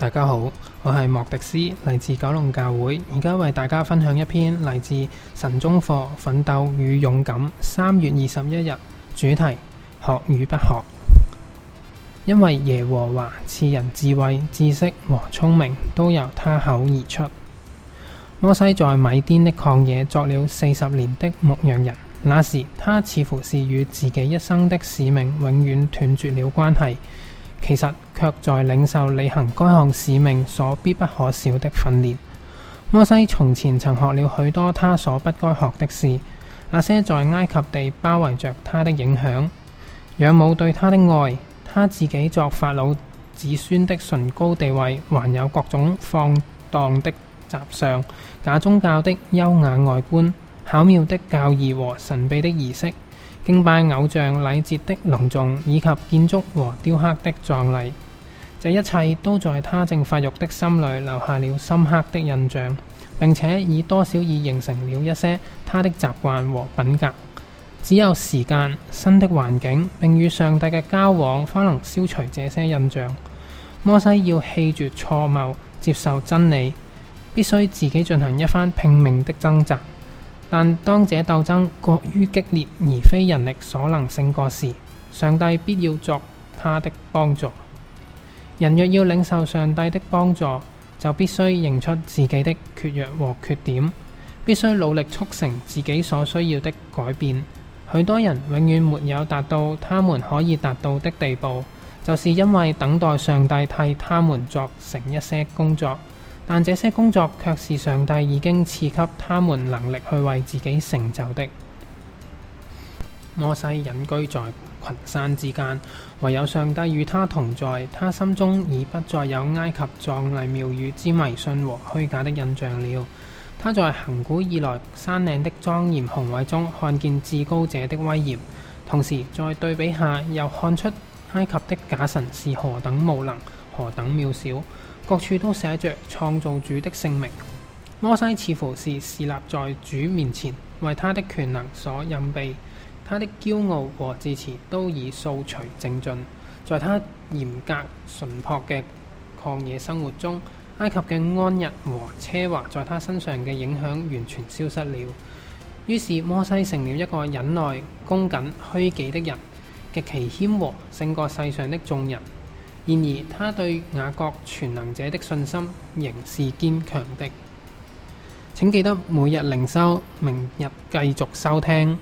大家好，我係莫迪斯，嚟自九龍教會，而家為大家分享一篇嚟自神中課《奮鬥與勇敢》三月二十一日主題學與不學，因為耶和華賜人智慧、知識和聰明，都由他口而出。摩西在米甸的曠野作了四十年的牧羊人，那時他似乎是與自己一生的使命永遠斷絕了關係。其實卻在領受履行該項使命所必不可少的訓練。摩西從前曾學了很多他所不該學的事，那些在埃及地包圍着他的影響，養母對他的愛，他自己作法老子孫的崇高地位，還有各種放蕩的習尚、假宗教的優雅外觀、巧妙的教義和神秘的儀式。敬拜偶像禮節的隆重，以及建築和雕刻的壯麗，這一切都在他正發育的心裏留下了深刻的印象，並且已多少已形成了一些他的習慣和品格。只有時間、新的環境並與上帝嘅交往，方能消除這些印象。摩西要棄絕錯謬，接受真理，必須自己進行一番拼命的掙扎。但當這鬥爭過於激烈，而非人力所能勝過時，上帝必要作他的幫助。人若要領受上帝的幫助，就必須認出自己的缺弱和缺點，必須努力促成自己所需要的改變。許多人永遠沒有達到他們可以達到的地步，就是因為等待上帝替他們作成一些工作。但這些工作却是上帝已經賜給他們能力去為自己成就的。摩西隱居在群山之間，唯有上帝與他同在，他心中已不再有埃及壯麗廟宇之迷信和虛假的印象了。他在亘古以來山嶺的莊嚴宏偉中看見至高者的威嚴，同時在對比下又看出埃及的假神是何等無能，何等渺小。各處都寫着創造主的姓名。摩西似乎是侍立在主面前，為他的權能所隱蔽，他的驕傲和自持都已掃除淨盡。在他嚴格純樸嘅曠野生活中，埃及嘅安逸和奢華在他身上嘅影響完全消失了。於是摩西成了一個忍耐、恭謹、虛己的人，極其謙和，勝過世上的眾人。然而，他對雅各全能者的信心仍是堅強的。請記得每日聆收，明日繼續收聽。